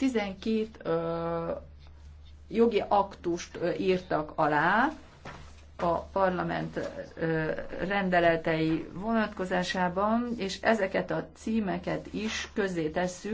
12 ö, jogi aktust ö, írtak alá a parlament ö, rendeletei vonatkozásában, és ezeket a címeket is közzétesszük.